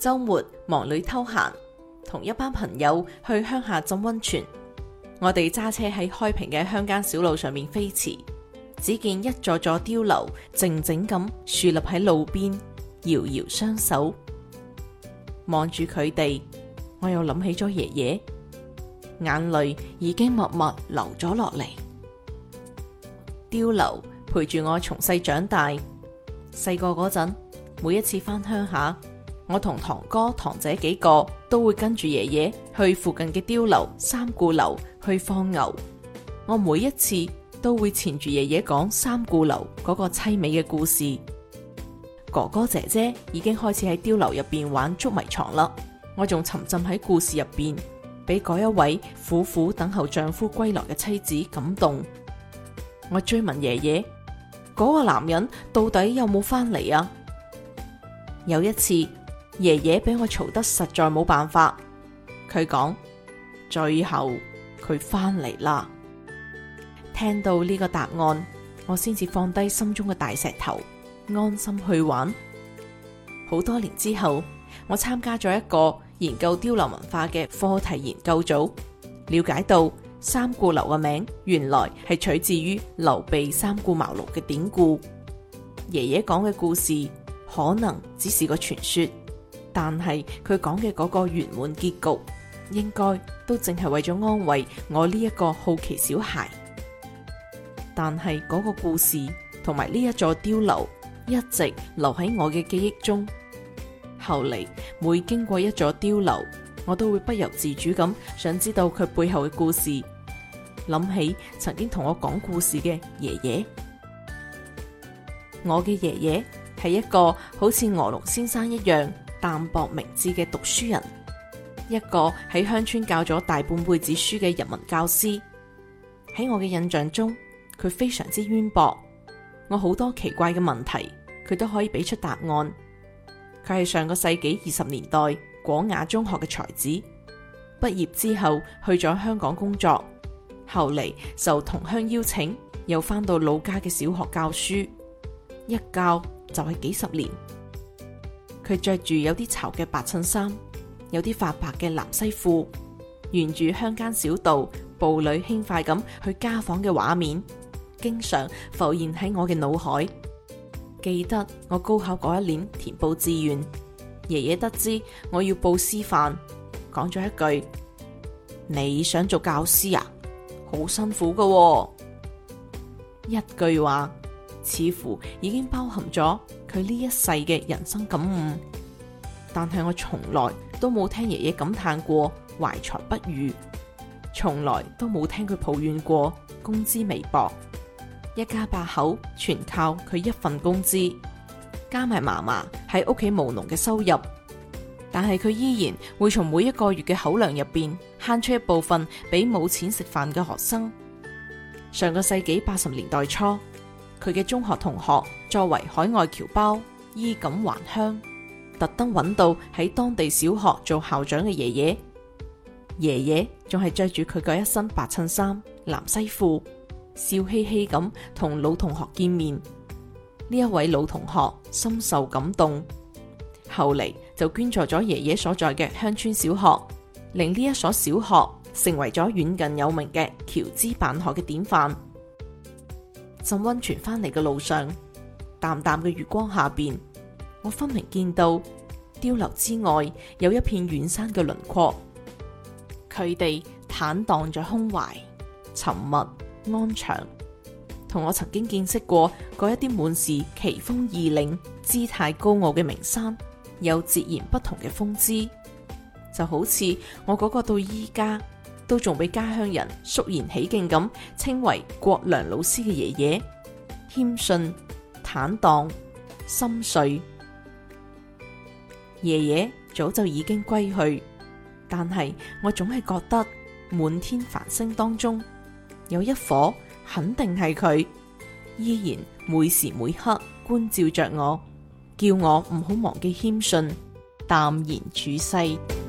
周末忙裏偷閒，同一班朋友去鄉下浸溫泉。我哋揸車喺開平嘅鄉間小路上面飛馳，只見一座座碉樓靜靜咁豎立喺路邊，遙遙相守。望住佢哋，我又諗起咗爺爺，眼淚已經默默流咗落嚟。碉樓陪住我從細長大，細個嗰陣每一次翻鄉下。我同堂哥、堂姐幾個都會跟住爺爺去附近嘅碉樓三顧樓去放牛。我每一次都會纏住爺爺講三顧樓嗰個淒美嘅故事。哥哥姐姐已經開始喺碉樓入邊玩捉迷藏啦。我仲沉浸喺故事入邊，俾嗰一位苦苦等候丈夫歸來嘅妻子感動。我追問爺爺：嗰個男人到底有冇翻嚟啊？有一次。爺爺俾我嘈得實在冇辦法，佢講，最後佢翻嚟啦。聽到呢個答案，我先至放低心中嘅大石頭，安心去玩。好多年之後，我參加咗一個研究碉樓文化嘅課題研究組，了解到三顧樓嘅名原來係取自於劉備三顧茅廬嘅典故。爺爺講嘅故事可能只是個傳說。但係佢講嘅嗰個圓滿結局，應該都淨係為咗安慰我呢一個好奇小孩。但係嗰個故事同埋呢一座碉樓一直留喺我嘅記憶中。後嚟每經過一座碉樓，我都會不由自主咁想知道佢背後嘅故事。諗起曾經同我講故事嘅爺爺，我嘅爺爺係一個好似鵝龍先生一樣。淡泊明志嘅讀書人，一個喺鄉村教咗大半輩子書嘅人民教師，喺我嘅印象中，佢非常之淵博，我好多奇怪嘅問題，佢都可以俾出答案。佢係上個世紀二十年代廣雅中學嘅才子，畢業之後去咗香港工作，後嚟受同鄉邀請，又翻到老家嘅小學教書，一教就係幾十年。佢着住有啲潮嘅白襯衫，有啲發白嘅藍西褲，沿住鄉間小道步履輕快咁去家訪嘅畫面，經常浮現喺我嘅腦海。記得我高考嗰一年填報志願，爺爺得知我要報師範，講咗一句：你想做教師啊？好辛苦嘅喎。一句話似乎已經包含咗。佢呢一世嘅人生感悟，但係我從來都冇聽爺爺感嘆過懷才不遇，從來都冇聽佢抱怨過工資微薄，一家八口全靠佢一份工資，加埋嫲嫲喺屋企務農嘅收入，但係佢依然會從每一個月嘅口糧入邊慳出一部分俾冇錢食飯嘅學生。上個世紀八十年代初，佢嘅中學同學。作為海外僑胞，衣錦還鄉，特登揾到喺當地小學做校長嘅爺爺，爺爺仲係着住佢嗰一身白襯衫、藍西褲，笑嘻嘻咁同老同學見面。呢一位老同學深受感動，後嚟就捐助咗爺爺所在嘅鄉村小學，令呢一所小學成為咗遠近有名嘅僑資辦學嘅典範。浸溫泉返嚟嘅路上。淡淡嘅月光下邊，我分明見到碉樓之外有一片遠山嘅輪廓。佢哋坦蕩着胸懷，沉默安詳，同我曾經見識過嗰一啲滿是奇峰異嶺、姿態高傲嘅名山有截然不同嘅風姿。就好似我嗰個到依家都仲俾家鄉人肅然起敬咁，稱為國良老師嘅爺爺謙遜。坦蕩心碎，爺爺早就已經歸去，但係我總係覺得滿天繁星當中有一顆，肯定係佢，依然每時每刻觀照着我，叫我唔好忘記謙遜淡然處世。